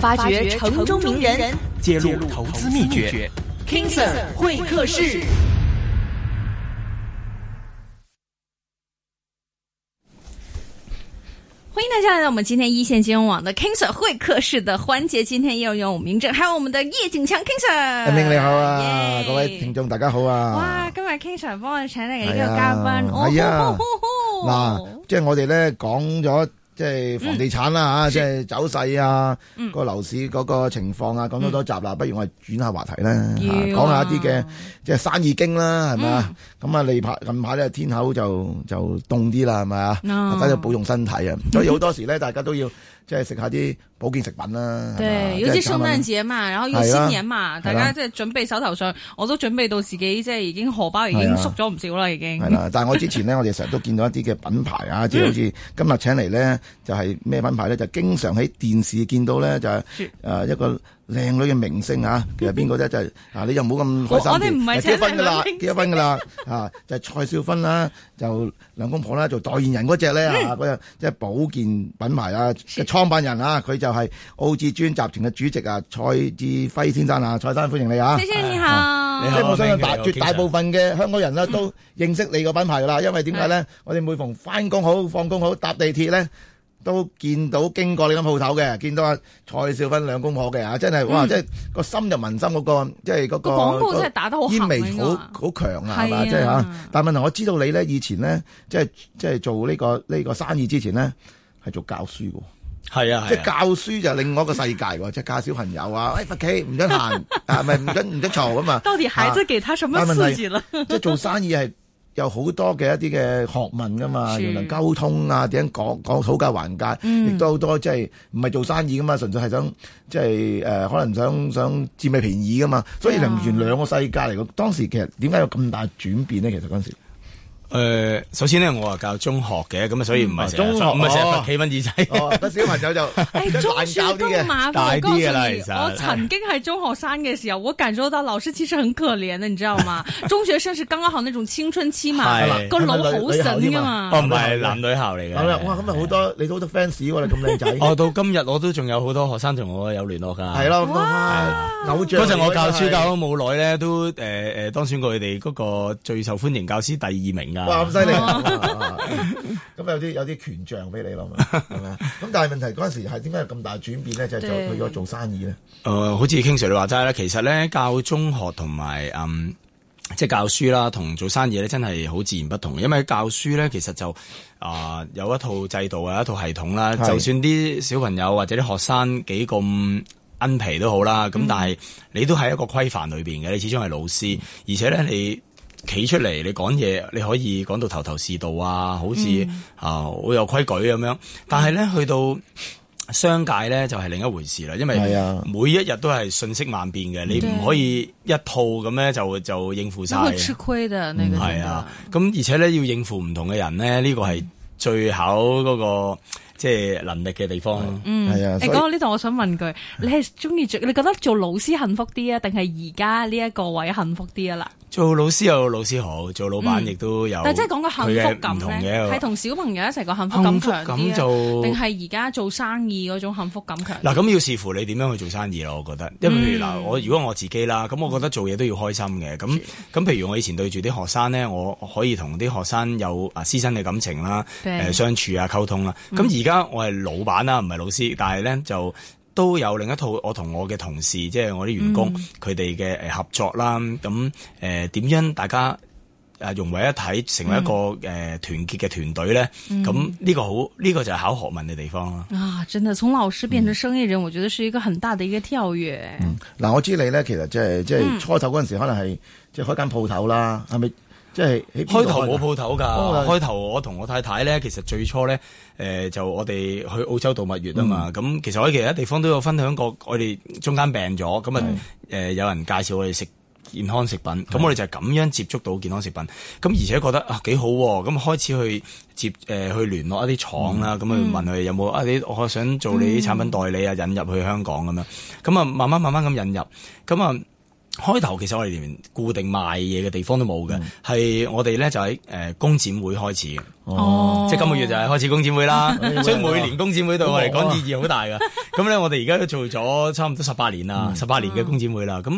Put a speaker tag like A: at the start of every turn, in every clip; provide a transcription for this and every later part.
A: 發掘城中名人，人，揭露投資秘
B: 訣。King Sir, King Sir 會客室，歡迎大家來到我們今天一線金融網的 King Sir 會客室的環節。今天又有名著，還有我們的葉景強 King Sir，阿明你
C: 好啊，yeah. 各位聽眾大家好啊。哇，
B: 今日 King Sir 幫我請嚟一個嘉賓、啊，哦、啊、吼
C: 吼即係我哋咧講咗。吼吼吼即係房地產啦、啊、嚇、嗯，即係走勢啊，嗯，個樓市嗰個情況啊，講咗多多集啦、啊，不如我哋轉下話題啦、嗯啊，講下一啲嘅即係生意經啦，係咪啊？咁、嗯、啊，嚟排近排咧天口就就凍啲啦，係咪啊？大家要保重身體啊，所以好多時咧大家都要。即係食下啲保健食品啦，對，即有啲聖誕節啊嘛，然後要新年啊嘛，大家即係
B: 準備手頭上，我都準備到自己即係已經荷包已經縮咗唔少啦，已經係啦。但係我之
C: 前呢， 我哋成日都見到一啲嘅品牌啊，即係好似今日請嚟呢，就係、是、咩品牌咧，就是、經常喺電視見到咧，就係、是、誒、呃、一個。靚女嘅明星啊，嗯、其實邊個啫？就係、是、 啊，你就唔好咁開心唔係結婚㗎啦？結咗婚㗎啦？ 啊，就係、是、蔡少芬啦，就兩公婆啦，做代言人嗰隻咧嚇，嗰隻即係保健品牌啊嘅創辦人啊，佢就係澳至尊集團嘅主席啊，蔡志輝先生啊，蔡先生歡迎你啊！謝謝、啊、你哈！我相信大絕大部分嘅香港人啦、啊嗯，都認識你個品牌啦，因為點解咧？我哋每逢翻工好、放工好、搭地鐵咧。都見到、經過你間鋪頭嘅，見到啊蔡少芬兩公婆嘅啊，真係哇！即係個深入民心嗰，那個，即係，那個，嗯那個廣告真係打得好，味好好強啊，係嘛？即係嚇。但問題我知道你咧，以前呢即係即係做呢、這個呢、這個生意之前呢係做教書嘅。係啊，啊，即係教書就另外一個世界喎， 即係教小朋友啊，哎，唔得閒啊，係咪唔得唔得嘈啊嘛。 到底孩子給他什麼刺激啦，即係做生意係有好多嘅一啲嘅學問噶嘛，要能溝通啊，點樣講講討價還價，亦都好多即係唔係做生意噶嘛，純粹係想即係誒可能想想佔你便宜噶嘛，啊，所以完全兩個世界嚟嘅，當時其實點解有咁大轉變咧？其實嗰陣時
A: 誒、呃，首先咧，我係教中學嘅，咁啊所以唔係成日唔係成日得氣悶耳仔，得、哦
C: 哦喔、小朋友就大膠啲嘅，大啲嘅啦。我曾
B: 經係中學生嘅時候，我感受到老師其實很可憐嘅、哎，你知道嗎？中學生是剛剛好那種青春期老嘛，個腦好神
A: 㗎嘛。哦，唔係男女校嚟嘅。好
C: 啦，咁啊好多、啊嗯啊、你都好多 fans 喎、啊，你咁靚仔。哦，
A: 到今日我都仲有好多學生同 我有聯絡噶。係 咯，偶
C: 像。嗰陣我教書教咗
A: 冇耐咧，都誒誒、呃、當選過佢哋嗰個最受歡迎教師第二名。.哇，咁犀利！咁、啊啊
C: 啊啊啊啊啊、有啲有啲權杖俾你咯，係咪啊，咁、啊、但係問題嗰陣時係點解有咁大轉變咧？就係佢去咗做生意咧。
A: 誒、呃，好似 King Sir 你話齋咧，其實咧教中學同埋嗯即係教書啦，同做生意咧真係好自然不同。因為教書咧其實就啊、呃、有一套制度啊，一套系統啦。就算啲小朋友或者啲學生幾咁恩皮都好啦。咁、嗯、但係你都喺一個規範裏面嘅，你始終係老師，而且咧你。企出嚟，你講嘢，你可以講到頭頭是道、嗯、啊，好似啊，好有規矩咁樣。但係咧，去到商界咧就係、是、另一回事啦，因為每一日都係信息萬變嘅，啊、你唔可以一套咁咧就就應付晒，會吃
B: 虧嘅。唔係啊，
A: 咁、啊、而且咧要應付唔同嘅人咧，呢、這個係最考嗰、那個即係、就是、能力嘅地方。嗯，係啊。你講到呢
B: 度，我想問句，你係中意做你覺得做老師幸福啲啊，定係而家呢一個位幸福啲啊？啦。
A: 做老師有老師好，做老闆亦都有、嗯。但即係講個幸福感咧，係同
B: 小朋友一齊個幸福感強啲啊，定係而家做生意嗰種幸福感強？嗱、啊，
A: 咁要視乎你點樣去做生意咯。我覺得，因為如嗱，我、嗯、如果我自己啦，咁我覺得做嘢都要開心嘅。咁咁，譬如我以前對住啲學生咧，我可以同啲學生有啊師生嘅感情啦、嗯，相處啊溝通啦。咁而家我係老闆啦，唔係老師，但係咧就。都有另一套，我同我嘅同事，即係我啲員工，佢哋嘅誒合作啦。咁誒點樣大家誒融為一體，成為一個誒團結嘅團隊咧？咁呢個好，呢個就係考學問嘅地方
B: 啦。啊，真係，從老師變成生意人，嗯，我覺得是一個很大的一個跳躍。嗱、嗯
C: 嗯呃，我知你咧，其實即係即係初頭嗰陣時，可能係即係開間鋪頭啦，係咪？即係開頭、哦、冇鋪頭㗎，開頭
A: 我同我太太咧，其實最初咧，誒、呃、就我哋去澳洲度蜜月啊嘛。咁、嗯、其實我喺其他地方都有分享過，我哋中間病咗，咁啊、呃、有人介紹我哋食健康食品，咁我哋就係咁樣接觸到健康食品，咁而且覺得啊幾好喎、啊，咁開始去接誒、呃、去聯絡一啲廠啦，咁、嗯、啊問佢有冇啊你我想做你啲產品代理啊、嗯，引入去香港咁樣咁啊慢慢慢慢咁引入，咁啊。開頭，其實我哋連固定賣嘢嘅地方都冇嘅，係、嗯、我哋咧就喺誒工展會開始嘅、哦，即係今個月就係開始工展會啦。 所以每年工展會對我嚟講意義好大噶。咁咧、啊、 我哋而家都做咗差唔多十八年啦，十、嗯、八年嘅工展會啦。咁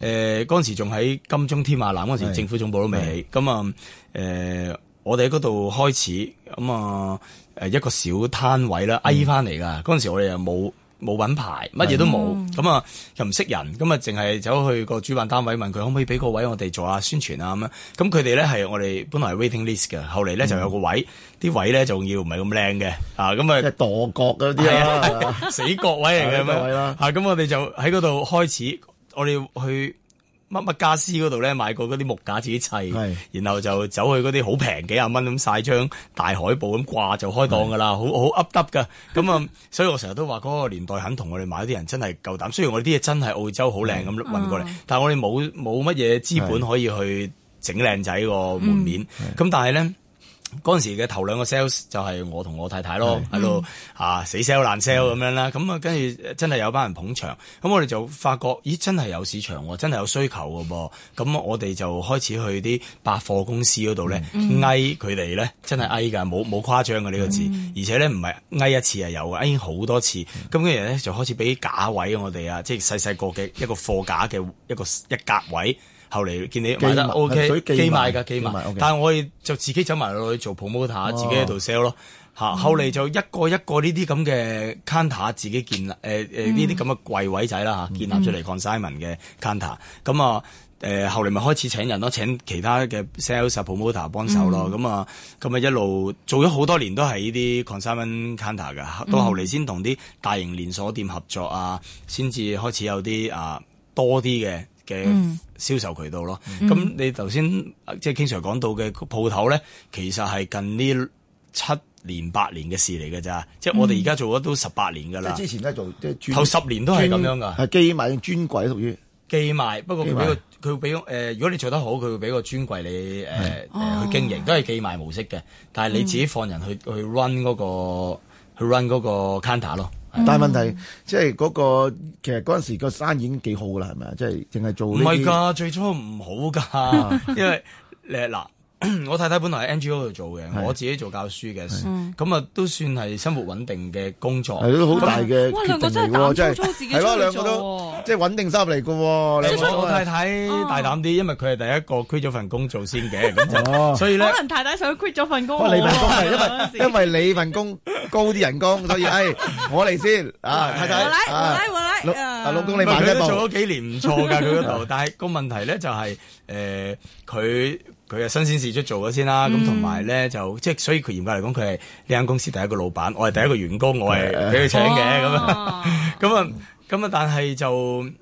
A: 誒嗰陣時仲喺金鐘天馬南嗰陣時，政府總部都未起。咁啊誒，我哋喺嗰度開始，咁啊誒一個小攤位啦，I 翻嚟噶。嗰陣、嗯、時我哋又冇，冇品牌，乜嘢都冇，咁啊、嗯、又唔識人，咁啊淨係走去個主辦單位問佢可唔可以俾個位我哋做下宣傳啊咁樣。咁佢哋咧係我哋本來係 waiting list 嘅，後嚟咧就有個位，啲、嗯、位咧仲要唔係咁靚嘅，啊咁啊，係墮角嗰啲啊， 死角位嚟嘅咩？咁、 啊啊、我哋就喺嗰度開始，我哋去。乜乜家私嗰度咧，買過嗰啲木架自己砌，然後就走去嗰啲好平，幾廿蚊咁晒張大海報咁掛就開檔噶啦，好好凹凸噶，咁啊，所以我成日都話嗰、那個年代肯同我哋買啲人真係夠膽，雖然我哋啲嘢真係澳洲好靚咁運過嚟，但係我哋冇冇乜嘢資本可以去整靚仔個門面，咁、嗯、但係咧。嗰陣時嘅頭兩個 sales 就係我同我太太咯，喺度、嗯、啊死 sell 爛 sell 咁樣啦，咁啊跟住真係有班人捧場，咁我哋就發覺，咦，真係有市場喎，真係有需求嘅噃，咁我哋就開始去啲百貨公司嗰度咧，挨佢哋咧，真係挨㗎，冇冇誇張嘅呢個字，嗯、而且咧唔係挨一次係有已經好多次，咁跟住咧就開始俾架位我哋啊，即係細細個嘅一個貨架嘅一個一格位。後嚟見你買得 O.K. 寄賣㗎，寄賣、OK, OK。但係我哋就自己走埋落去做 promoter、哦、自己喺度 sell 咯。嚇，後嚟就一個一個呢啲咁嘅 counter，自己建立誒呢啲咁嘅櫃位仔啦，建立出嚟 consignment 嘅 counter、嗯。咁啊誒，後嚟咪開始請人咯，請其他嘅 sales、promoter 幫手咯。咁啊咁啊一路做咗好多年都係呢啲 consignment counter 㗎。到後嚟先同啲大型連鎖店合作啊，先至開始有啲啊多啲嘅。嘅、嗯、銷售渠道咯，咁、嗯、你頭先即係經常講到嘅鋪頭咧，其實係近呢七年八年嘅事嚟㗎咋，即係我哋而家做咗都十八年噶啦。之前
C: 咧做，即係頭十年都係咁樣噶，係寄賣專櫃，屬於寄
A: 賣。不過佢俾個佢俾誒，如果你做得好，佢會俾個專櫃你誒、呃呃、去經營，都係寄賣模式嘅。但係你自己放人去、嗯、去 run 嗰、嗰個去 run 嗰個
C: counter 咯。但係問題、嗯、即係嗰、嗰個其實嗰陣時個生意已經幾好噶啦，係咪啊？即係淨係做。唔係噶，
A: 最初唔好噶， 因為叻啦。我太太本來喺 NGO 嗰度做嘅，我自己做教書嘅，咁啊都算係生活穩定嘅工作，係咯好大嘅決定嚟。哇，兩個真係大，真係，係兩個都
C: 即係穩定收入嚟嘅。你
A: 我太太大膽啲，因為佢係第一個 quit 咗份工做先嘅，所以咧可能
B: 太太想 quit 咗份工。我你份工，因為
C: 因為你份工高啲人工，所以誒，我嚟先啊，太太，我嚟，我嚟，啊老公你穩得到。做咗幾年唔錯噶
A: 佢嗰度，但係個問題咧就係誒佢。佢係新鮮事出做咗先啦、啊，咁同埋咧就即係，所以佢嚴格嚟講，佢係呢間公司第一個老闆，我係第一個員工，我係俾佢請嘅咁啊，咁 啊哇，咁 啊，但係就誒、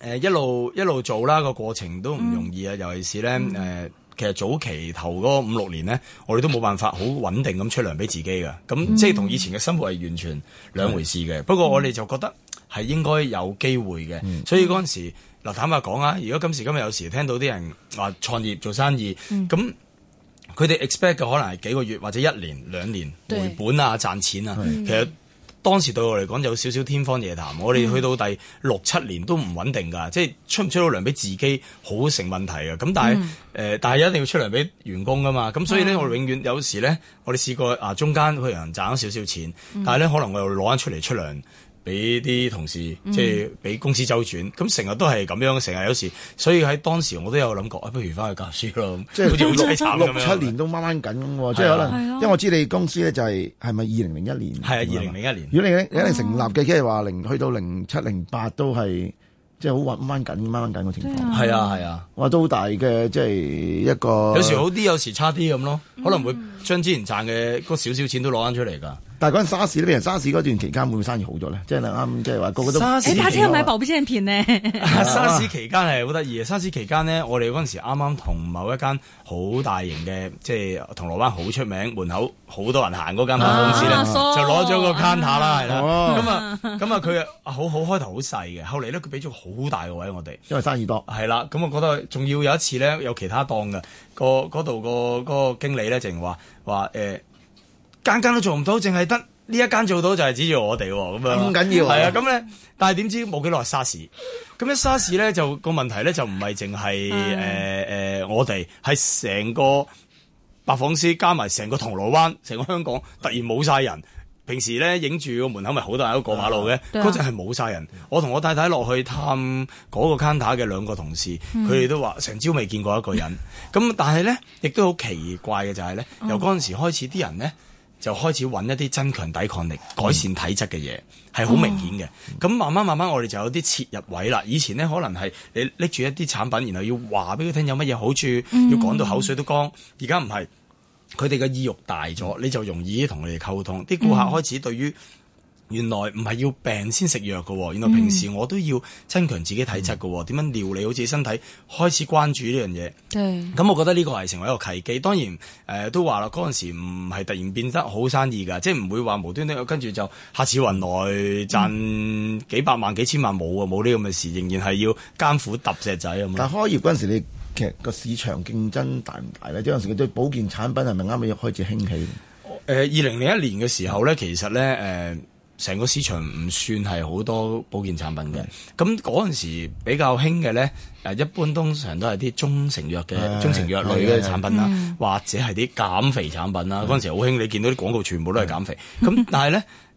A: 呃、一路一路做啦，個過程都唔容易啊，嗯、尤其是咧誒、嗯呃，其實早期頭嗰五六年咧，我哋都冇辦法好穩定咁出糧俾自己㗎。咁、嗯、即係同以前嘅生活係完全兩回事嘅、嗯。不過我哋就覺得係應該有機會嘅、嗯，所以嗰陣時。嗯嗱，坦白講啊，如果今時今日有時聽到啲人話創業做生意，咁佢哋 expect 嘅可能係幾個月或者一年兩年回本啊賺錢啊，其實當時對我嚟講有少少天方夜譚。嗯、我哋去到第六七年都唔穩定㗎，即係出唔出到糧俾自己好成問題啊。咁但係、嗯呃、但係一定要出糧俾員工㗎嘛。咁所以咧、嗯，我永遠有時咧，我哋試過啊，中間去人賺咗少少錢，但係咧可能我又攞翻出嚟出糧。俾啲同事，即係俾公司周轉，咁成日都係咁樣，成日有時，所以喺當時我都有諗過，不如翻去教書咯。即係好似好六七年都
C: 掹掹緊喎，即係、啊就是、可能、啊，因為我知你公司咧就係係咪二零零一年？係啊，二零零一年。如果你你肯定成立嘅，即係話零去到零七零八都係即係好掹掹緊、掹掹緊個情況。係啊係啊，哇、嗯啊啊、都好大嘅，即、就、係、是、一個。有時好
A: 啲，有時差啲咁咯。可能會將之前賺嘅嗰少少錢都攞翻出嚟㗎。
C: 但係嗰陣 SARS 咧，俾人 SARS 嗰段期間會唔會生意好咗咧？即係啦，啱即係話個個都。你睇下有冇買
B: 爆米星片呢？ 沙士期
A: 間係好得意嘅。沙士期間呢，我哋嗰陣時啱啱同某一間好大型嘅，即係銅鑼灣好出名，門口好多人行嗰間公司呢，啊、就攞咗個 counter 啦，係咁啊咁啊，佢、啊啊、好好開頭好細嘅，後嚟呢，佢俾咗好大個位我哋，因為生意多。係啦，咁我覺得仲要有一次呢，有其他檔嘅嗰度個嗰、嗰個經理呢，淨話話間間都做唔到，淨係得呢一間做到就，就係指住我哋咁樣，咁、嗯、緊要係啊。咁、嗯、咧、嗯嗯，但係點知冇幾耐沙士，咁咧沙士 r 咧就個問題咧就唔係淨係誒誒我哋係成個百貨公司加埋成個銅鑼灣、成個香港突然冇晒人。平時咧影住個門口咪好多人喺度過馬路嘅，嗰陣係冇晒人。我同我太太落去探嗰個 counter 嘅兩個同事，佢、嗯、哋都話成朝未見過一個人。咁、嗯嗯、但係咧，亦都好奇怪嘅就係、是、咧、嗯，由嗰陣時開始啲人咧。就開始揾一啲增強抵抗力、改善體質嘅嘢，係、嗯、好明顯嘅。咁、哦、慢慢慢慢，我哋就有啲切入位啦。以前呢，可能係你拎住一啲產品，然後要話俾佢聽有乜嘢好處，嗯、要講到口水都乾。而家唔係，佢哋嘅意欲大咗，你就容易同佢哋溝通。啲、嗯、顧客開始對於。原來唔係要病先食藥喎。原來平時我都要增強自己體質喎。點、嗯、樣料理好自己身體，開始關注呢樣嘢。咁我覺得呢個係成為一個契機。當然誒、呃、都話啦，嗰陣時唔係突然變得好生意㗎，即係唔會話無端端跟住就下次雲來賺幾百萬、嗯、幾千萬冇啊，冇呢咁嘅事。仍然係要艱苦揼石仔咁。但係
C: 開業嗰陣時，你其實個市場競爭大唔大咧？嗰陣時佢對保健產品係咪啱啱開始興起？誒、
A: 呃，二零零一年嘅時候咧、嗯，其實咧成個市場唔算係好多保健產品嘅，咁嗰陣時比較興嘅咧，一般通常都係啲中成藥嘅中成藥類嘅產品啦，或者係啲減肥產品啦。嗰陣時好興，你見到啲廣告全部都係減肥。咁但係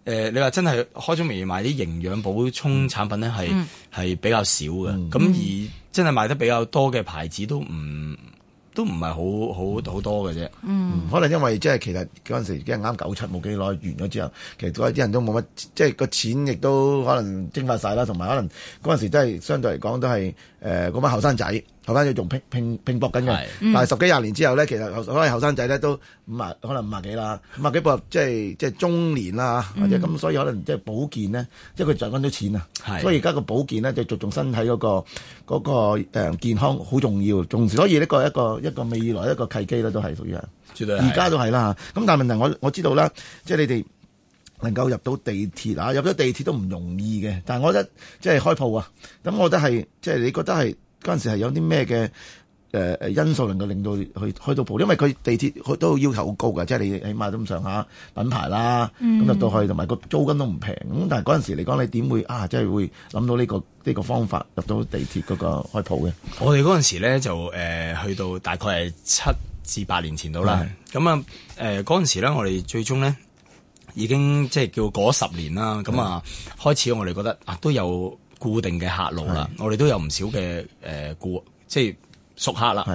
A: 咧，誒 你話真係開咗名要賣啲營養補充產品咧，係、嗯、係比較少嘅。咁、嗯、而
C: 真係賣得比較多嘅牌子都唔都唔係好好好多嘅啫，嗯，可能因為即係、就是、其實嗰陣時啲人啱九七冇幾耐完咗之後，其實嗰啲人都冇乜，即係個錢亦都可能蒸發晒啦，同埋可能嗰陣時真係相對嚟講都係誒嗰班後生仔。後生要仲拼拼拼搏緊嘅、嗯，但係十幾廿年之後咧，其實可能有後生仔咧都五啊，可能五啊幾啦，五啊幾噃。即係即係中年啦，或者咁、嗯，所以可能即係保健呢，即係佢賺翻啲錢啊。所以而家個保健呢，就着重身體嗰、嗰個嗰、嗯嗰個、健康好重要，仲所以呢個係一個一個未來一個契機咧都係屬於係絕對而家都係啦。咁但係問題我，我我知道啦，即係你哋能夠入到地鐵啊，入咗地鐵都唔容易嘅。但係我覺得即係開鋪啊，咁我覺得係即係你覺得係。嗰陣時係有啲咩嘅誒因素能夠令到去，去到鋪？因為佢地鐵佢都要求好高㗎。即係你起碼都咁上下品牌啦，咁入到去同埋個租金都唔平。咁但係嗰陣時嚟講，你點會啊？即係會諗到呢、呢個呢、呢個方法入到地鐵嗰、嗰個開鋪嘅？
A: 我哋嗰陣時咧就誒、呃、去到大概係七至八年前度啦。咁啊嗰陣時咧，我哋最終咧已經即係叫嗰十年啦。咁啊開始我哋覺得啊都有。固定嘅客路啦，我哋都有唔少嘅誒顧客，即係熟客啦。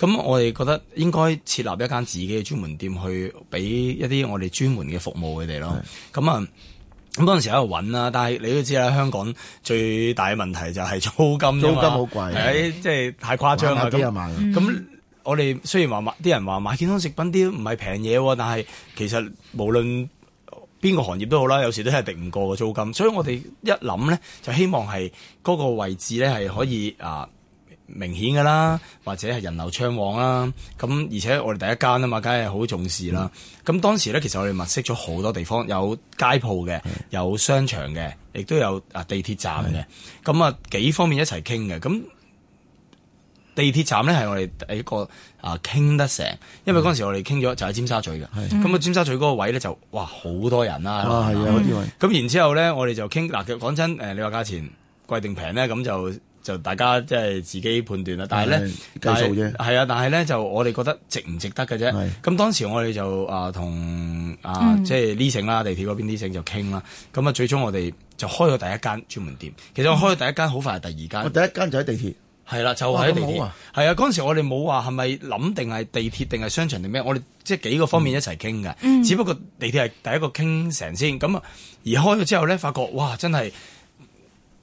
A: 咁我哋覺得應該設立一間自己嘅專門店，去俾一啲我哋專門嘅服務佢哋咯。咁啊，咁嗰陣時喺度揾啦，但係你都知啦，香港最大嘅問題就係租金，租金好貴，係即係太誇張啦。咁，咁我哋雖然話啲人話買健康食品啲唔係平嘢喎，但係其實無論。邊個行業都好啦，有時都係敵唔過嘅租金，所以我哋一諗呢，就希望係嗰個位置呢係可以啊明顯噶啦，或者係人流暢旺啦。咁而且我哋第一間啊嘛，梗係好重視啦。咁當時呢，其實我哋物色咗好多地方，有街鋪嘅，有商場嘅，亦都有啊地鐵站嘅。咁啊幾方面一齊傾嘅咁。地鐵站咧係我哋第一個啊傾得成，因為嗰陣時我哋傾咗就喺尖沙咀嘅，咁、嗯、啊尖沙咀嗰個位咧就哇好多人啦、啊，咁、啊嗯啊嗯、然之後咧我哋就傾，嗱講真，誒你話價錢貴定平咧咁就就大家即係自己判斷啦，但係咧數啫係啊，但係咧就我哋覺得值唔值得嘅啫，咁當時我哋就啊同啊即係呢城啦地鐵嗰邊呢城就傾啦，咁、嗯、啊最終我哋就開咗第一間專門店，嗯、其實我開咗第一間好快係第二間，我
C: 第一間就喺地鐵。
A: 係啦，就喺、是、地鐵。係、哦、啊，嗰陣時我哋冇話係咪諗定係地鐵定係商場定咩？我哋即係幾個方面一齊傾嘅。只不過地鐵係第一個傾成先，咁啊而開咗之後咧，發覺哇，真係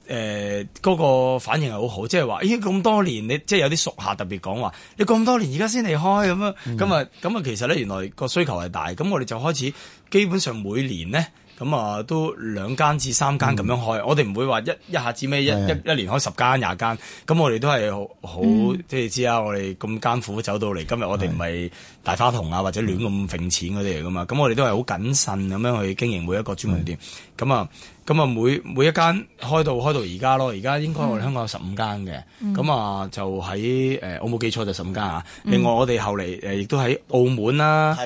A: 誒嗰個反應係好好，即係話咦經咁多年你即係有啲熟客特別講話，你咁多年而家先嚟開咁樣，咁啊咁啊其實咧原來個需求係大，咁我哋就開始基本上每年咧。咁啊，都兩間至三間咁樣開，嗯、我哋唔會話一一下子咩一一一連開十間廿間，咁我哋都係好即係知啊，我哋咁艱苦走到嚟，今日我哋唔係大花筒啊，或者亂咁揈錢嗰啲嚟噶嘛，咁我哋都係好謹慎咁樣去經營每一個專門店，咁啊。咁啊，每每一間開到開到而家咯，而家應該我哋香港有十五間嘅，咁、嗯、啊就喺誒我冇記錯就十五間啊。另外我哋後嚟誒亦都喺澳門啦，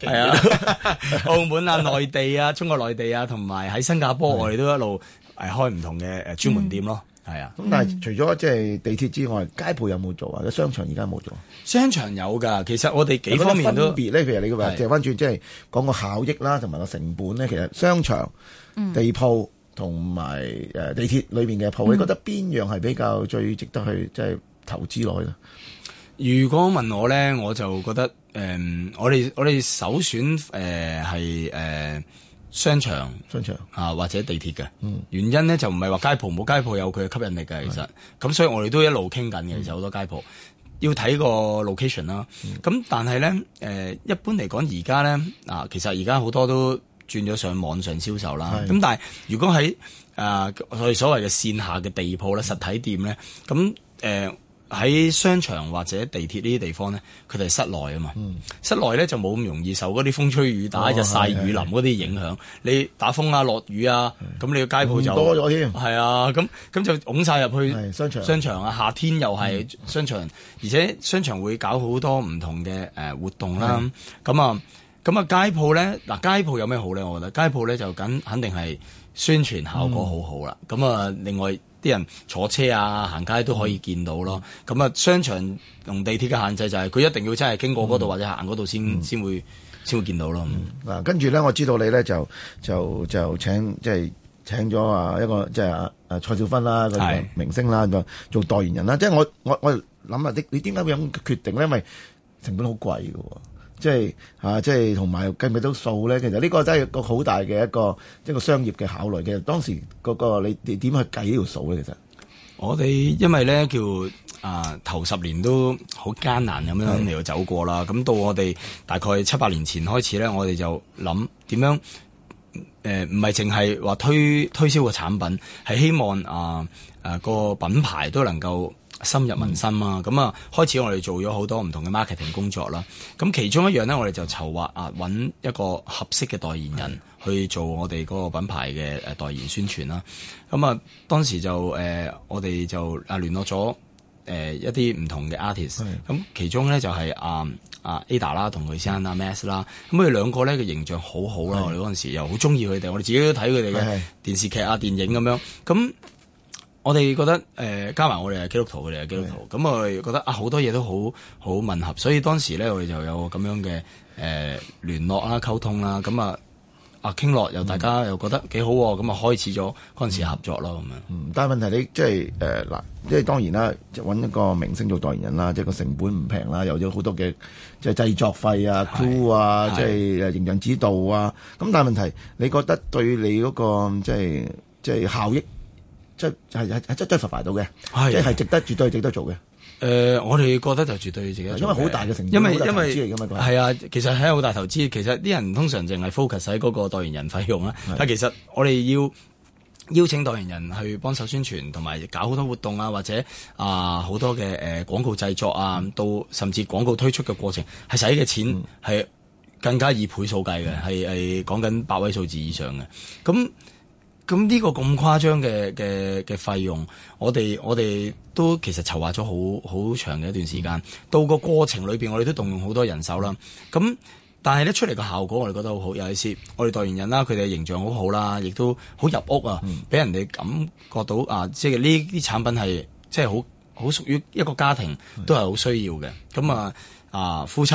A: 係啊， 澳門啊，內地啊，中國內地啊，同埋喺新加坡我哋都一路誒開唔同嘅誒專門店咯。嗯係啊，咁、嗯、但係除
C: 咗即係地鐵之外，街鋪有冇做或者商場而家冇做？
A: 商場有噶，其實我哋幾方面都。分別
C: 咧，譬如你話借返轉，即係講個效益啦，同埋個成本咧。其實商場、嗯、地鋪同埋誒地鐵裏邊嘅鋪，你覺得邊樣係比較最值得去即係、就是、投資落去？
A: 如果問我咧，我就覺得誒、嗯，我哋我哋首選誒係誒。呃是呃商場、商場啊，或者地鐵嘅、嗯、原因咧，就唔係話街鋪冇，街鋪有佢嘅吸引力嘅，其實咁所以我哋都一路傾緊嘅，其實好多街鋪要睇個 location 啦。咁、嗯、但係咧，誒、呃，一般嚟講而家咧啊，其實而家好多都轉咗上網上銷售啦。咁但係如果喺啊我哋所謂嘅線下嘅地鋪咧、嗯，實體店咧，咁誒。呃喺商場或者地鐵呢啲地方咧，佢哋係室內啊嘛、嗯，室內咧就冇咁容易受嗰啲風吹雨打、日、哦、曬雨淋嗰啲影響、哦。你打風啊、落雨啊，咁你個街鋪就多咗添。係啊，咁咁就擁晒入去商場、商場。商場啊，夏天又係商場、嗯，而且商場會搞好多唔同嘅誒活動啦。咁啊，咁啊街鋪咧，嗱街鋪有咩好咧？我覺得街鋪咧就梗肯定係宣傳效果好好啦。咁、嗯、啊，另外。啲人坐車啊、行街都可以見到咯，咁啊商場同地鐵嘅限制就係佢一定要真係經過嗰度或者行嗰度先先
C: 會先會見到咯。嗱、嗯嗯，跟住咧我知道你咧就就就請即係、就是、請咗啊一個即係、就是、啊蔡少芬啦、那個、明星啦做做代言人啦，即、就、係、是、我我我諗下，你你點解會有咁嘅決定咧？因為成本好貴嘅喎。即係啊，即係同埋計唔計到數咧？其實呢個真係個好大嘅一個一個,一個商業嘅考慮。其實當時嗰個你你點去計呢條數咧？其實我哋因
A: 為咧叫啊頭十年都好艱難咁樣嚟到走過啦。咁到我哋大概七八年前開始咧，我哋就諗點樣誒，唔係淨係話推推銷個產品，係希望啊啊個品牌都能夠。深入民心嘛，咁、嗯、啊，開始我哋做咗好多唔同嘅 marketing 工作啦。咁其中一樣咧，我哋就籌劃啊，揾一個合適嘅代言人去做我哋嗰個品牌嘅代言宣傳啦。咁啊，當時就誒我哋就啊聯絡咗誒一啲唔同嘅 artist。咁其中咧就係啊啊 Ada 啦，同佢先生啊 Max 啦。咁佢哋兩個咧嘅形象好好啦。我哋嗰陣時又好中意佢哋，我哋自己都睇佢哋嘅電視劇啊、電影咁樣咁。我哋覺得誒、呃，加埋我哋係基督徒，佢哋嘅基督徒，咁我哋覺得啊好多嘢都好好吻合，所以當時咧，我哋就有咁樣嘅誒、呃、聯絡啦、溝通啦，咁啊啊傾落又大家又覺得幾好，咁、嗯、啊開始咗嗰陣時合作咯咁樣。
C: 但係問題你即係誒嗱，即、呃、係當然啦，搵一個明星做代言人啦，嗯、即係個成本唔平啦，又有好多嘅即係製作費啊、Q 啊，即係誒形象指導啊，咁但係問題你覺得對你嗰、那個即係即係效益？即係到嘅，即值得，絕對值得做嘅、
A: 呃。我哋覺得就絕對值得做，因為好大嘅成因為因為係啊，其實係好大投資。其實啲人通常淨係 focus 喺嗰個代言人費用啦，但其實我哋要邀請代言人去幫手宣傳，同埋搞好多活動啊，或者啊好、呃、多嘅誒廣告製作啊，到甚至廣告推出嘅過程係使嘅錢係更加以倍數計嘅，係係講緊百位數字以上嘅咁。咁呢個咁誇張嘅嘅嘅費用，我哋我哋都其實籌劃咗好好長嘅一段時間。到個過程裏面，我哋都動用好多人手啦。咁但係咧出嚟嘅效果，我哋覺得好好有意思。我哋代言人啦，佢哋嘅形象好好啦，亦都好入屋啊，俾、嗯、人哋感覺到啊，即係呢啲產品係即係好好屬於一個家庭都係好需要嘅。咁啊啊，夫妻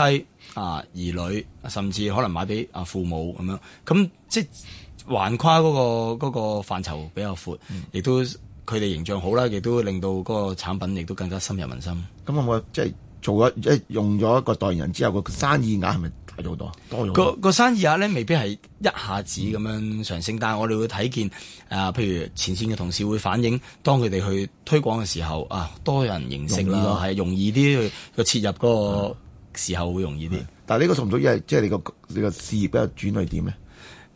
A: 啊，兒女，甚至可能買俾啊父母咁樣。咁即橫跨嗰個嗰個範疇比較闊，亦都佢哋形象好啦，亦都令到嗰個產品亦都更加
C: 深入民心。咁有冇即係做咗即係用咗一個代言人之後，個生意額係咪大咗好多？多咗個
A: 個生意額咧，未必係一下子咁樣上升、嗯，但係我哋會睇見啊，譬如前線嘅同事會反映，當佢哋去推廣嘅時候啊，多人認識啦，係
C: 容易啲去個切入嗰個時候會容易啲、嗯。但係呢個屬唔屬於係即係你個你個事業比較轉捩點呢？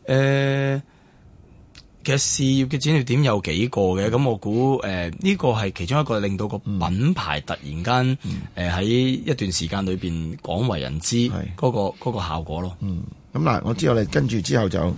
C: 誒、呃，其實
A: 事業嘅轉折點有幾個嘅，咁我估誒呢個係其中一個令到個品牌突然間誒喺一段時間裏邊廣為人知嗰、那個嗰、那個
C: 效果咯。嗯，咁嗱，我知道你跟住之後就誒、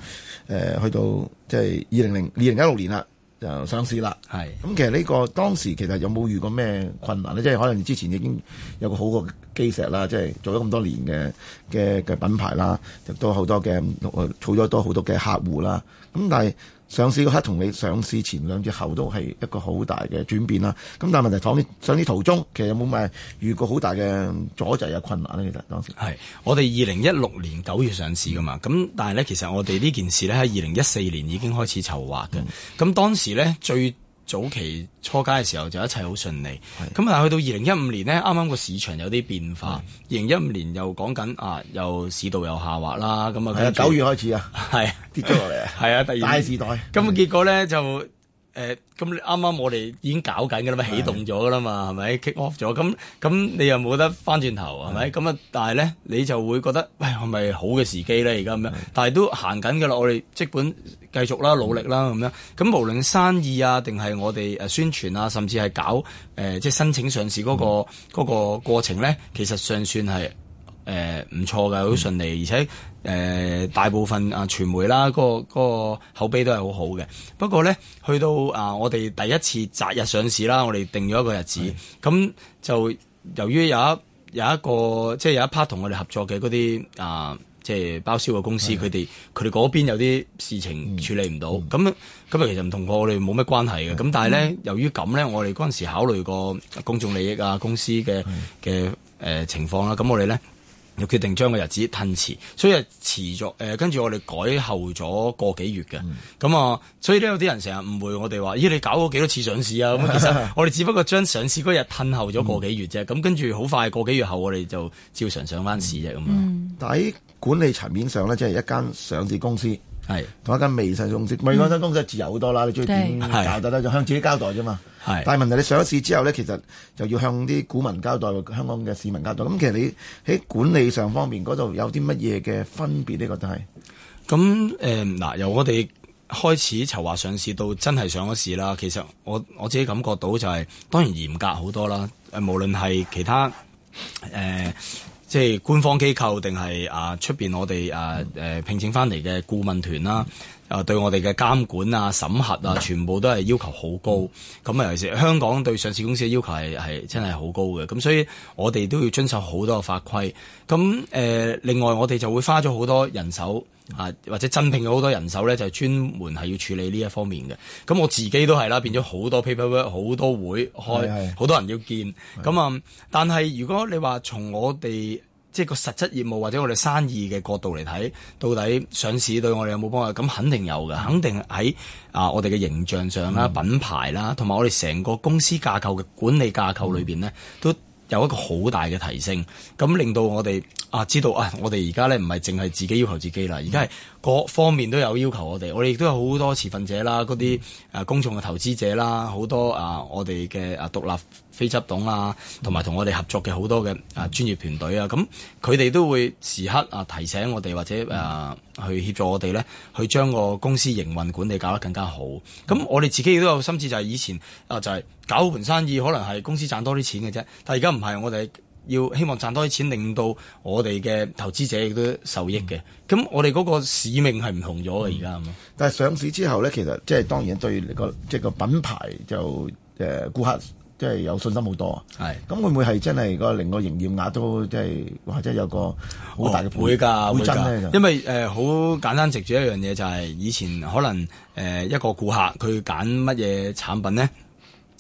C: 呃、去到即係二零零二零一六年啦。就上市啦，係。咁其實呢個當時其實有冇遇過咩困難咧？即係可能之前已經有個好嘅基石啦，即係做咗咁多年嘅嘅嘅品牌啦，亦都好多嘅儲咗多好多嘅客戶啦。咁但係。上市嗰刻同你上市前兩隻後都係一個好大嘅轉變啦，咁但係問題，上市上市途中，其實有冇咩遇過好大嘅阻滯啊困難呢？其實當時係
A: 我哋二零一六年九月上市㗎嘛，咁、嗯、但係呢，其實我哋呢件事呢喺二零一四年已經開始籌劃㗎，咁、嗯、當時呢，最早期初階嘅時候就一切好順利，咁啊去到二零一五年呢，啱啱個市場有啲變化。二零一五年又講緊啊，又市道又下滑啦，咁啊九月開始啊，係跌咗落嚟，係啊第二個時代。咁結果咧就誒，咁啱啱我哋已經搞緊噶啦，起動咗噶啦嘛，係咪 kick off 咗？咁咁你又冇得翻轉頭係咪？咁啊，是的是的但係咧你就會覺得喂，係咪好嘅時機咧而家咁樣？但係都行緊噶啦，我哋基本。繼續啦，努力啦，咁樣咁，無論生意啊，定係我哋宣傳啊，甚至係搞即係、呃就是、申請上市嗰、那個嗰、嗯那個、過程咧，其實尚算係誒唔錯嘅，好順利，嗯、而且誒、呃、大部分啊傳媒啦，嗰、那個嗰、那個、口碑都係好好嘅。不過咧，去到啊、呃、我哋第一次擇日上市啦，我哋定咗一個日子，咁就由於有一有一個即係、就是、有一 part 同我哋合作嘅嗰啲啊。呃即係包銷嘅公司，佢哋佢哋嗰邊有啲事情處理唔到，咁咁啊，其實唔同過我哋冇乜關係嘅，咁但係咧，由於咁咧，我哋嗰陣時考慮過公眾利益啊、公司嘅嘅誒情況啦，咁我哋咧。又決定將個日子褪遲，所以啊，遲咗誒，跟住我哋改後咗個幾月嘅，咁、嗯、啊，所以呢，有啲人成日誤會我哋話，咦，你搞過幾多次上市啊？咁 其實我哋只不過將上市嗰日褪後
C: 咗個幾月啫，咁跟住好快個幾月後，我哋就照常上翻市啫咁啊！但喺、嗯嗯、管理層面上呢，即、就、係、是、一間上市公司。係同一間微細公司，微細公司自由好多啦，嗯。你中意點搞就向自己交代啫嘛。係，但係問題是你上咗市之後咧，其實就要向啲股民交代，香港嘅市民交代。咁其實你喺管理上方面，嗰度有啲乜嘢嘅分別呢？個都係。
A: 咁誒，嗱，呃，由我哋開始籌劃上市到真係上咗市啦。其實我我自己感覺到就係、是，當然嚴格好多啦。誒，無論係其他誒。呃即係官方機構定係啊，出面我哋啊誒聘請翻嚟嘅顧問團啦，啊、嗯、對我哋嘅監管啊審核啊，全部都係要求好高。咁、嗯、尤其是香港對上市公司嘅要求係係真係好高嘅。咁所以我哋都要遵守好多個法規。咁誒、呃，另外我哋就會花咗好多人手。啊，或者增聘咗好多人手咧，就係、專門係要處理呢一方面嘅。咁我自己都係啦，變咗好多 paperwork，好多會開，好多人要見。咁啊，但係如果你話從我哋即係個實質業務或者我哋生意嘅角度嚟睇，到底上市對我哋有冇幫助？咁肯定有嘅，嗯、肯定喺啊、呃、我哋嘅形象上啦、嗯、品牌啦，同埋我哋成個公司架構嘅管理架構裏邊呢。嗯、都，有一個好大嘅提升，咁令到我哋啊知道啊，我哋而家呢，唔係淨係自己要求自己啦，而家係。各方面都有要求我哋，我哋亦都有好多持份者啦，嗰啲誒公眾嘅投資者啦，好多啊我哋嘅啊獨立非執董啦，同埋同我哋合作嘅好多嘅啊專業團隊啊，咁佢哋都會時刻啊提醒我哋，或者誒去協助我哋咧，去將個公司營運管理搞得更加好。咁我哋自己亦都有心思，就係以前啊就係搞盤生意，可能係公司賺多啲錢嘅啫，但係而家唔係我哋。要希望賺多啲錢，令到我哋嘅投資者亦都受益嘅。咁我哋嗰個使命係唔同咗嘅，而、嗯、家。
C: 但係上市之後咧，其實即係當然對、那個即係、就是、個品牌就誒、呃、顧客即係有信心好多啊。咁會唔會係真係個令個營業額都即、就、係、是、或者有個好大嘅？倍、哦、㗎，好增因
A: 為誒好、呃、簡單，直接一樣嘢就係、是、以前可能誒、呃、一個顧客佢揀乜嘢產品呢？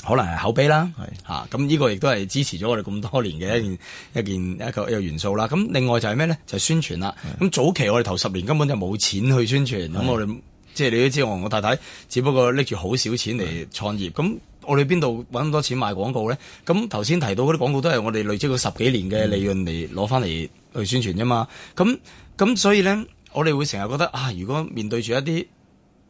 A: 可能係口碑啦，咁呢、啊、個亦都係支持咗我哋咁多年嘅一件一件一個一件一件元素啦。咁另外就係咩咧？就係、宣傳啦。咁早期我哋頭十年根本就冇錢去宣傳，咁我哋即係你都知，我同我太太只不過拎住好少錢嚟創業。咁我哋邊度搵咁多錢買廣告咧？咁頭先提到嗰啲廣告都係我哋累積咗十幾年嘅利潤嚟攞翻嚟去宣傳啫嘛。咁、嗯、咁所以咧，我哋會成日覺得啊，如果面對住一啲，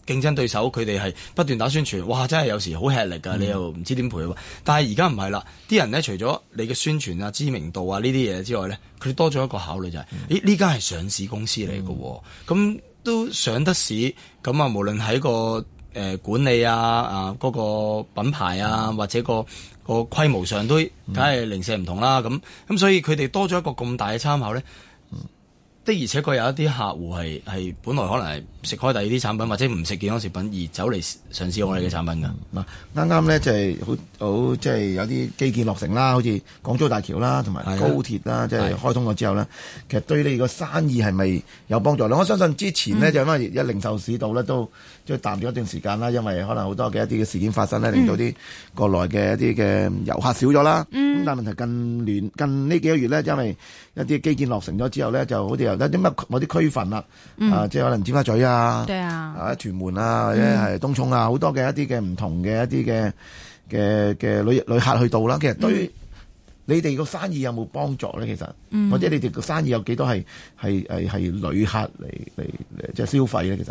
A: 競爭對手佢哋係不斷打宣傳，哇！真係有時好吃力㗎，你又唔知點賠。嗯、但係而家唔係啦，啲人咧除咗你嘅宣傳啊、知名度啊呢啲嘢之外咧，佢多咗一個考慮就係、是：嗯、咦，呢間係上市公司嚟㗎喎。咁、嗯、都上得市，咁啊，無論喺、那個誒、呃、管理啊、啊嗰、那個品牌啊，嗯、或者、那個、那個規模上都，梗係零舍唔同啦。咁咁所以佢哋多咗一個咁大嘅參考咧。的而且確有一啲客戶係係本來可能係食開第二啲產品，或者唔食健康食品而走嚟嘗試我哋嘅產品㗎。
C: 嗱啱啱，咧就係好好即係有啲基建落成啦，好似廣州大橋啦同埋高鐵啦，即係、就是、開通咗之後咧，其實對你個生意係咪有幫助咧？我相信之前咧、嗯、就因為一零售市道咧都即係淡咗一段時間啦，因為可能好多嘅一啲嘅事件發生咧、嗯，令到啲國內嘅一啲嘅遊客少咗啦。咁、嗯、但問題近年近呢幾個月咧，因為一啲基建落成咗之後咧，就好似有有啲乜某啲區分啦、嗯，啊，即係可能尖沙咀啊，對啊，啊，屯門啊，或者係東湧東涌啊，好多嘅一啲嘅唔同嘅一啲嘅嘅嘅旅旅客去到啦。其實對於你哋個生意有冇幫助咧？其實，嗯、或者你哋個生意有幾多係係系係旅客嚟嚟即係消費咧？其實。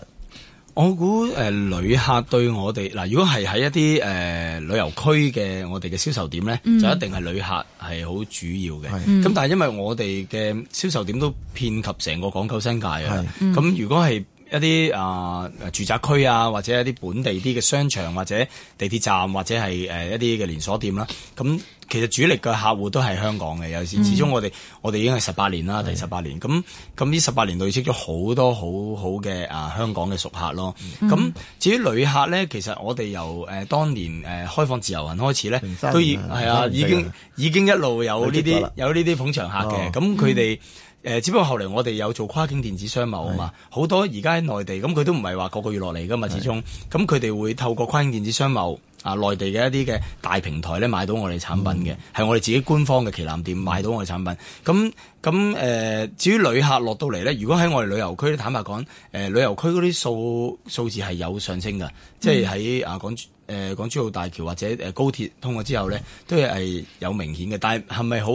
C: 我估誒、呃、旅客對
A: 我哋嗱，如果係喺一啲誒、呃、旅遊區嘅我哋嘅銷售點咧、嗯，就一定係旅客係好主要嘅。咁、嗯、但係因為我哋嘅銷售點都遍及成個港九新界啊。咁、嗯、如果係一啲啊、呃、住宅區啊，或者一啲本地啲嘅商場，或者地鐵站，或者係、呃、一啲嘅連鎖店啦，咁。其實主力嘅客戶都係香港嘅，有時始終我哋、嗯、我哋已經係十八年啦，第十八年咁，咁呢十八年累積咗好多好好嘅啊香港嘅熟客咯。咁、嗯、至於旅客咧，其實我哋由誒、呃、當年誒、呃、開放自由行開始咧，都已係啊已經已經一路有呢啲有呢啲捧場客嘅。咁佢哋誒，只不過後嚟我哋有做跨境電子商貿啊嘛，好多而家喺內地，咁佢都唔係話個個月落嚟噶嘛，始終咁佢哋會透過跨境電子商貿。啊！內地嘅一啲嘅大平台咧，買到我哋產品嘅，係、嗯、我哋自己官方嘅旗艦店買到我哋產品。咁咁誒，至於旅客落到嚟咧，如果喺我哋旅遊區，坦白講，誒、呃、旅遊區嗰啲數數字係有上升㗎、嗯，即係喺啊港誒港珠澳大橋或者誒高鐵通過之後咧、嗯，都係有明顯嘅。但係係咪好？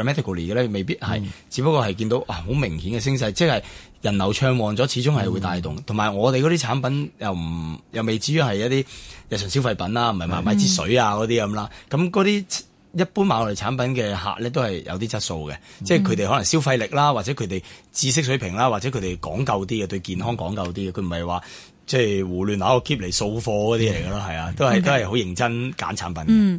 A: 嘅咧，未必係、嗯，只不過係見到啊好明顯嘅升勢，即係人流暢旺咗，始終係會帶動。同、嗯、埋我哋嗰啲產品又唔又未至於係一啲日常消費品啦，唔係買支水啊嗰啲咁啦。咁嗰啲一般買我哋產品嘅客咧，都係有啲質素嘅、嗯，即係佢哋可能消費力啦，或者佢哋知識水平啦，或者佢哋講究啲嘅，對健康講究啲嘅。佢唔係話即係胡亂攞個 keep 嚟掃貨嗰啲嚟噶咯，係、嗯、啊，都係都係好認真揀產品。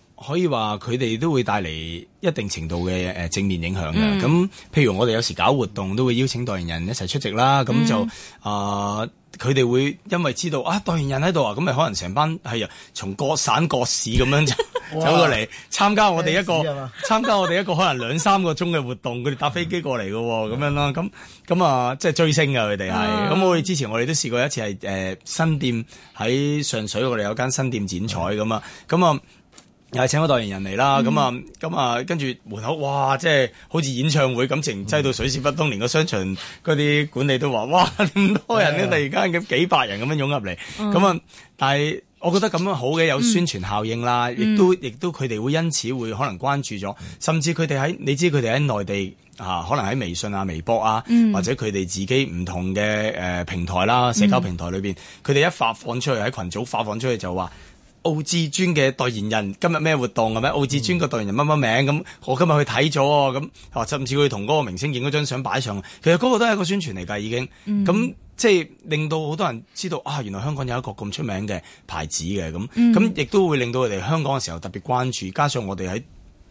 A: 可以話佢哋都會帶嚟一定程度嘅正面影響嘅。咁、嗯、譬如我哋有時搞活動都會邀請代言人一齊出席啦。咁就啊，佢、嗯、哋、呃、會因為知道啊，代言人喺度啊，咁咪可能成班係從各省各市咁樣走過嚟參加我哋一個、啊、參加我哋一個可能兩三個鐘嘅活動。佢哋搭飛機過嚟嘅咁樣啦。咁咁啊，即係追星嘅佢哋係咁。我哋之前我哋都試過一次係誒、啊、新店喺上水，我哋有間新店剪彩咁、嗯、啊，咁啊。又係請個代言人嚟啦，咁、嗯、啊，咁啊，跟住門口，哇！即係好似演唱會，感情擠到水泄不通、嗯，連個商場嗰啲管理都話：哇！咁多人咧、嗯，突然間咁幾百人咁樣湧入嚟，咁、嗯、啊！但係我覺得咁樣好嘅，有宣傳效應啦，亦、嗯、都亦都佢哋會因此會可能關注咗，甚至佢哋喺你知佢哋喺內地、啊、可能喺微信啊、微博啊，嗯、或者佢哋自己唔同嘅誒平台啦、社交平台裏邊，佢、嗯、哋一發放出去喺群組發放出去就話。澳至尊嘅代言人今日咩活動啊？咩澳至尊個代言人乜乜名咁？我今日去睇咗啊！咁甚至佢同嗰個明星影咗張相擺上，其實嗰個都係一個宣傳嚟噶，已經咁即係令到好多人知道啊！原來香港有一個咁出名嘅牌子，嘅咁，咁亦都會令到佢哋香港嘅時候特別關注。加上我哋喺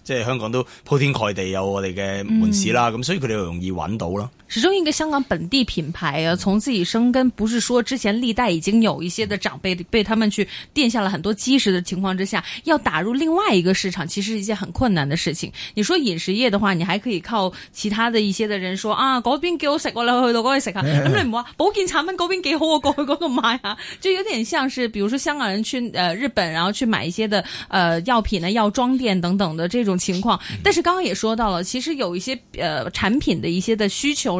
A: 即係香港都鋪天蓋地有我哋嘅門市啦，咁、嗯、所以佢哋又容易揾到囉。
B: 始終一個香港本地品牌啊，從自己生根，不是說之前歷代已經有一些的長輩被他們去墊下了很多基石的情況之下，要打入另外一個市場，其實是一件很困難的事情。你說飲食業的話，你還可以靠其他的一些的人說 啊，嗰邊幾好食，過來我都過去食下。咁你唔好話保健產品嗰邊幾好啊，過去嗰度買啊，就有點像是比如說香港人去呃日本，然後去買一些的呃藥品呢、藥妝店等等的這種情況。 但是剛剛也說到了，其實有一些呃產品的一些的需求。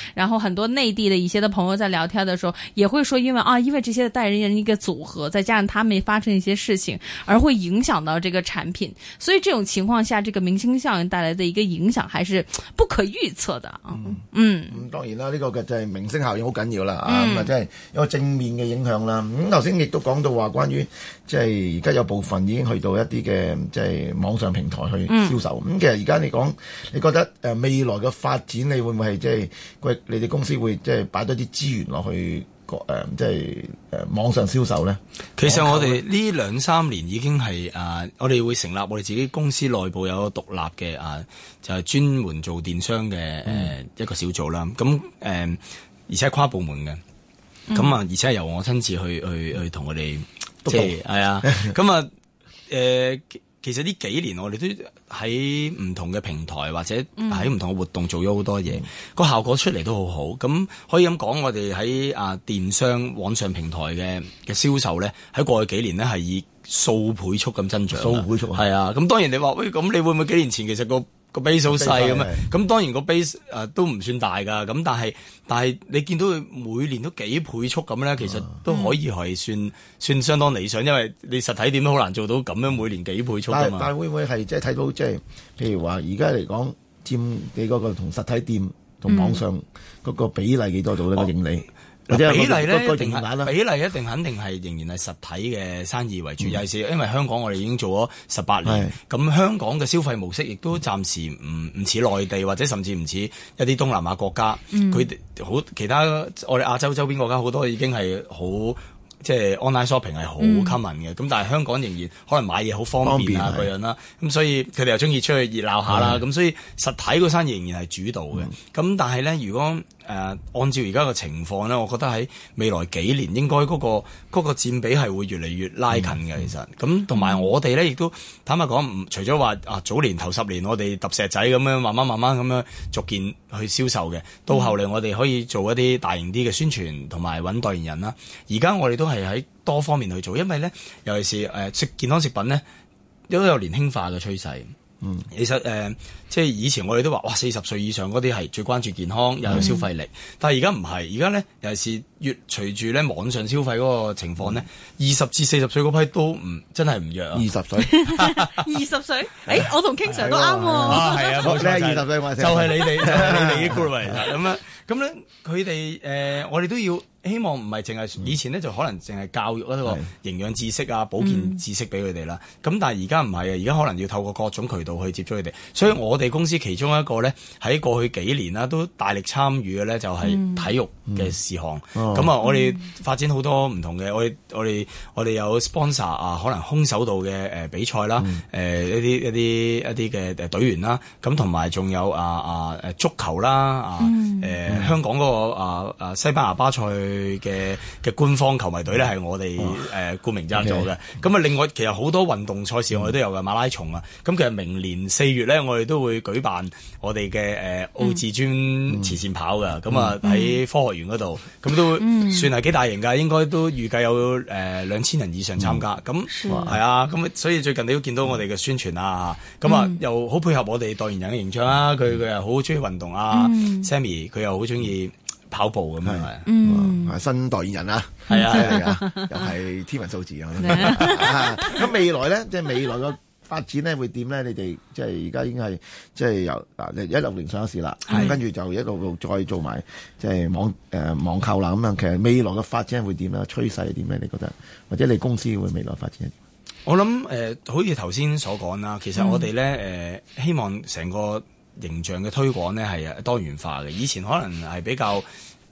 B: 然後很多內地的一些的朋友在聊天的時候，也會說，因為啊，因為這些代言人的一個組合，再加上他們發生一些事情，而會影響到這個產品。所以這種情況下，這個明星效應帶來的一個影響還是不可預測的啊、
C: 嗯。嗯，當然啦，呢、這個就即係明星效應好緊要啦、嗯、啊，咁啊，即係有正面嘅影響啦。咁頭先亦都講到話，關於即係而家有部分已經去到一啲嘅即係網上平台去銷售。咁、嗯、其實而家你講，你覺得、呃、未來嘅發展你會唔會係即係？你哋公司會即係擺多啲資源落去，誒，即係誒網上銷售咧。其實我哋呢兩
A: 三年已經係誒，我哋會成立我哋自己公司內部有個獨立嘅誒，就係、是、專門做電商嘅誒一個小組啦。咁、嗯、誒、呃，而且跨部門嘅，
B: 咁、嗯、啊，
A: 而且係由我親自去去去同佢哋，
B: 即係係
A: 啊。咁、就、啊、是，誒。 其實呢幾年我哋都喺唔同嘅平台或者喺唔同嘅活動做咗好多嘢，個、嗯、效果出嚟都好好。咁可以咁講，我哋喺啊電商網上平台嘅嘅銷售咧，喺過去幾年呢，係以數倍速咁增長。數倍速？係啊！咁當然你話喂，咁、哎、你會唔會幾年前其實個？Base 小個 base 好細咁啊。咁當然個 base 誒都唔算大㗎，咁但係但係你見到佢每年都幾倍速咁咧，其實都可以係算、啊、算相當理想，因為你實體店都好難做到咁樣每年幾倍速啊嘛。但係會
C: 唔會係即係睇到即係譬如話而家嚟講佔你嗰個同實體店同網上嗰個比例幾多度呢？個盈利？比例呢定、那個、比
A: 例一定、那個、肯定係仍然係實體嘅生意為主，尤其是因為香港我哋已經做咗十八年，咁香港嘅消費模式亦都暫時唔唔似內地或者甚至唔似一啲東南亞國家，佢、嗯、好其他我哋亞洲周邊國家好多已經係好即係 online shopping 係好 common 嘅、嗯，咁但係香港仍然可能買嘢好方便啊嗰樣啦，咁所以佢哋又中意出去熱鬧下啦，咁所以實體個生意仍然係主導嘅，咁、嗯、但係呢，如果。誒、呃，按照而家嘅情況咧，我覺得喺未來幾年應該嗰、嗰個嗰、嗰個、佔比係會越嚟越拉近嘅。其實咁同埋我哋咧亦都坦白講，唔除咗話啊早年頭十年我哋揼石仔咁樣，慢慢慢慢咁樣逐件去銷售嘅、嗯，到後嚟我哋可以做一啲大型啲嘅宣傳同埋揾代言人啦。而家我哋都係喺多方面去做，因為咧，尤其是食、呃、健康食品咧，都有年輕化嘅趨勢。嗯，其實誒、呃，即係以前我哋都話，哇，四十歲以上嗰啲係最關注健康又有，有消費力，嗯、但係而家唔係，而家咧尤其是越隨住咧網上消費嗰個情況咧，二、嗯、十至四十歲嗰批都唔真係唔弱、啊歲。二十歲，
B: 二十歲，誒，我同 King Sir 都啱，係啊，冇錯，
A: 即係二十歲，就係、是、你哋，就是、你哋、就是、 group 嚟，咁啊。咁咧，佢哋誒我哋都要希望唔係淨係以前咧，就可能淨係教育一個營養知識啊、嗯、保健知識俾佢哋啦。咁、嗯、但係而家唔係啊，而家可能要透過各種渠道去接觸佢哋。所以我哋公司其中一個咧，喺過去幾年啦，都大力參與嘅咧，就係體育嘅事項，咁、嗯、啊、嗯嗯，我哋發展好多唔同嘅，我哋我哋我哋有 sponsor 啊，可能空手道嘅誒比賽啦，誒、嗯呃、一啲一啲一啲嘅誒隊員啦。咁同埋仲有啊啊誒足球啦啊誒。嗯呃嗯、香港、嗰個啊啊西班牙巴塞嘅嘅官方球迷隊咧，係我哋誒冠名贊助嘅。咁啊，呃的的嗯、那另外其實好多運動賽事我哋都有嘅、嗯、馬拉松啊。咁其實明年四月咧，我哋都會舉辦我哋嘅誒澳至尊慈善跑嘅。咁啊喺科學園度，咁、嗯、都算係幾大型㗎、嗯，應該都預計有誒兩千人以上參加。咁、嗯、係啊，咁、啊啊、所以最近你都見到我哋嘅宣傳啊。咁啊又好配合我哋代言人嘅形象啦、啊，佢、嗯、佢又好中意運動啊。嗯、Sammy 佢又～
C: 好中意跑步咁樣！嗯，係新代言人啦，係啊，係啊， 又係天文數字啊！咁、啊、 未來咧，即、就、係、是、未來個發展咧會點咧？你哋即係而家已經係即係由啊一六年上市啦，跟住，嗯、就一路路再做埋即係網誒、呃、網購啦咁樣。其實未來個發展會點咧？趨勢係點咧？你覺得？或者你公司會未來發展？
A: 我諗誒、呃，好似頭先所講啦，其實我哋咧誒，希望成個。形象嘅推廣呢係多元化嘅，以前可能係比較誒、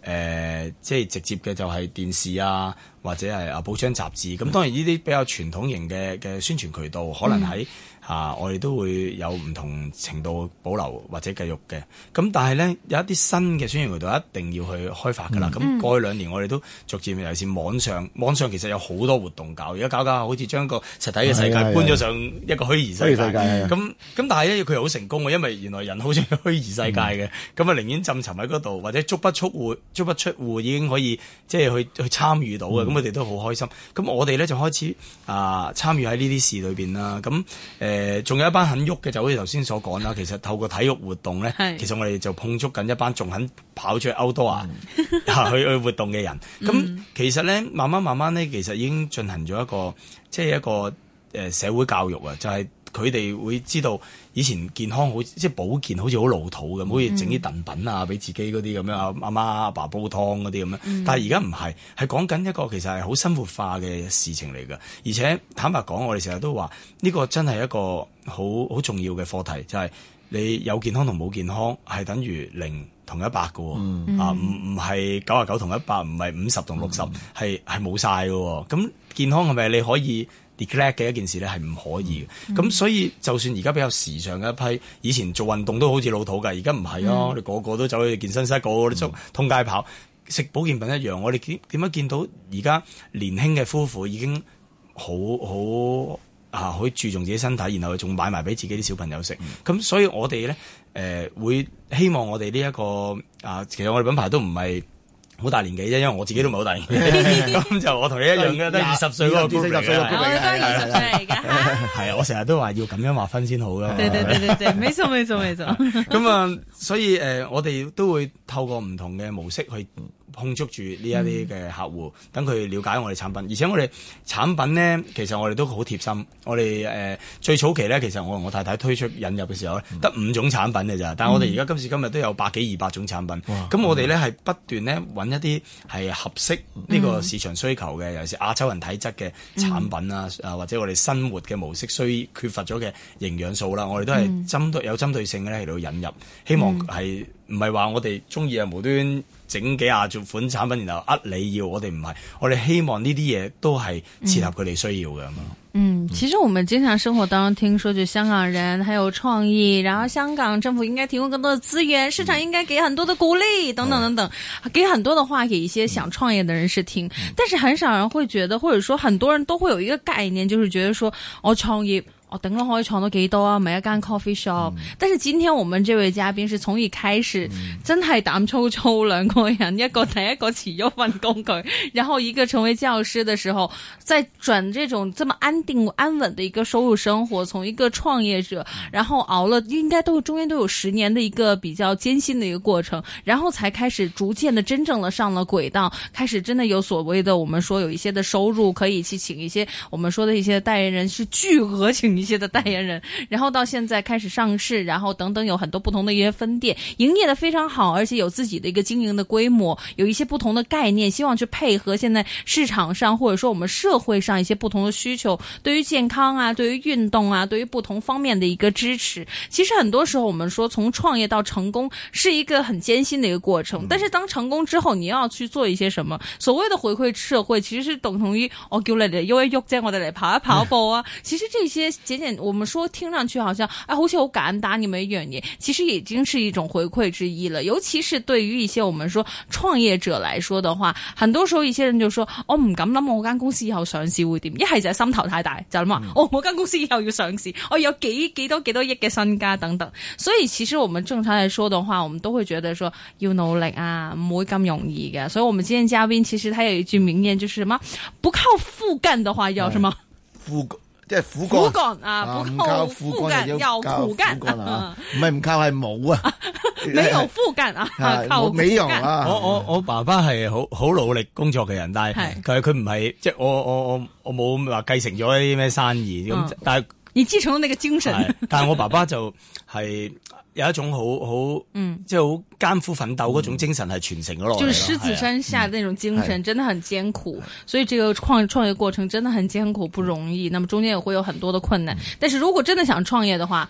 A: 呃、即係直接嘅就係電視啊，或者係啊報章雜誌。咁、嗯、當然呢啲比較傳統型嘅嘅宣傳渠道，可能喺。嗯啊！我哋都會有唔同程度保留或者繼續嘅，咁但係咧有一啲新嘅宣傳渠道一定要去開發㗎啦。咁、嗯、過去兩年我哋都逐漸尤其是網上，網上其實有好多活動搞，而家搞搞好似將個實體嘅世界搬咗上一個虛擬世界。咁咁但係咧佢好成功喎，因為原來人好鍾意虛擬世界嘅，咁啊寧願浸沉喺嗰度，或者足不出戶、足不出戶已經可以即係去去參與到嘅，咁我哋都好開心。咁我哋咧就開始啊參與喺呢啲事裏邊啦。咁誒誒，仲有一班肯喐嘅，就好似頭先所講啦。其實透過體育活動咧，其實我哋就碰觸緊一班仲肯跑出去歐多啊，去去活動嘅人。咁其實咧，慢慢慢慢咧，其實已經進行咗一個，即係一個誒社會教育啊，就係佢哋會知道。以前健康好，即係保健好似好老土咁，好似整啲燉品啊，俾自己嗰啲咁樣，阿媽阿爸煲湯嗰啲咁樣。但係而家唔係，係講緊一個其實係好生活化嘅事情嚟噶。而且坦白講，我哋成日都話呢、這個真係一個好好重要嘅課題，就係、是、你有健康同冇健康係等於零同一百噶，mm-hmm. 啊唔唔係九十九同一百，唔係五十同六十，係係冇曬噶。咁健康係咪你可以？d e c l a r e 嘅一件事咧係唔可以嘅，咁、嗯、所以就算而家比較時尚嘅一批，以前做運動都好似老土㗎，而家唔係咯，你個個都走去健身室個，個個都走通街跑、嗯，食保健品一樣。我哋點點樣見到而家年輕嘅夫婦已經好好啊，好注重自己身體，然後仲買埋俾自己啲小朋友食。咁、嗯、所以我哋咧誒會希望我哋呢一個啊，其實我哋品牌都唔係。好大年紀啫，因為我自己都唔係好大年紀，咁就我同你一樣嘅，得二十歲嗰個距離。我係二十歲嚟㗎。係啊，我成日都話要咁樣劃分先好啦。對對對對 對冇錯，冇錯。冇錯。咁啊，所以誒，我哋都會透過唔同嘅模式去。碰觸住呢一啲嘅客戶，等、嗯、佢了解我哋產品。而且我哋產品呢，其實我哋都好貼心。我哋誒、呃、最早期咧，其實我同我太太推出引入嘅時候咧，得、嗯、五種產品嘅咋。但係我哋而家今時今日都有百幾二百種產品。咁我哋咧係不斷咧揾一啲係合適呢個市場需求嘅、嗯，尤其是亞洲人體質嘅產品啊、嗯、或者我哋生活嘅模式需缺乏咗嘅營養素啦、嗯，我哋都係針對有針對性嘅咧嚟到引入，希望係唔係話我哋中意啊無端。整幾下做款產品，然後呃，你要我哋唔係，我哋希望呢啲嘢都係切合佢哋需要嘅咁咯。嗯，
B: 其實我們經常生活當中聽說，就香港人還有創意，然後香港政府應該提供更多的資源，市場應該給很多的鼓勵等等等等，嗯，給很多的話，給一些想創業的人士聽，嗯。但是很少人會覺得，或者說很多人都會有一個概念，就是覺得說我創業。等了好開廠都幾多啊，買一間 coffee shop。但是今天我們這位嘉賓是從一開始真係膽粗粗，兩個人一個第一個辭咗份工佢，然後一個成為教師的時候，在轉這種這麼安定安穩的一個收入生活，從一個創業者，然後熬了應該都中間都有十年的一個比較艱辛的一個過程，然後才開始逐漸的真正的上了軌道，開始真的有所謂的我們說有一些的收入可以去請一些我們說的一些的代言人，是巨額請。一些的代言人，然後到現在開始上市，然後等等有很多不同的一些分店，營業的非常好，而且有自己的一個經營的規模，有一些不同的概念，希望去配合現在市場上或者說我們社會上一些不同的需求，對於健康啊，對於運動啊，對於不同方面的一個支持。其實很多時候我們說從創業到成功是一個很艱辛的一個過程，但是當成功之後，你要去做一些什麼所謂的回饋社會，其實是等同於我叫你哋喐一喐，即係我哋嚟跑一跑步啊。其實這些。簡簡，我們說聽上去好像，哎，而且我敢打你們一樣嘢，其實已經是一種回饋之一了。尤其是對於一些我們說創業者來說的話，很多時候一些人就說，我唔敢諗我間公司以後上市會點，一係就心頭太大，就諗話、嗯哦，我間公司以後要上市，我有幾幾多幾多億嘅身家等等。所以其實我們正常來說的話，我們都會覺得說要努力啊，唔會咁容易嘅。所以，我們今天嘉賓其實他有一句名言，就是什麼，不靠父幹的話要什麼
C: 父幹。嗯即係苦幹啊！靠苦幹又靠苦幹，唔係唔靠係冇啊！美
B: 容、啊啊啊啊啊啊、附近啊，求、啊啊、美容啊！我我
A: 我爸爸係好好努力工作嘅人，但係佢佢唔係即係我我我我冇話繼承咗一啲咩生意咁，但
B: 係你繼承咗那個精神。但係我
A: 爸爸就係、是。 有一種好好嗯，即係好艱苦奮鬥嗰種精神係傳承咗咯。就是獅、就是、子山下的那種精神真
B: 的很艱苦、啊嗯，所以這個創創業過程真的很艱苦，不容易。那麼中間也會有很多的困難。但是如果真的想創業的話。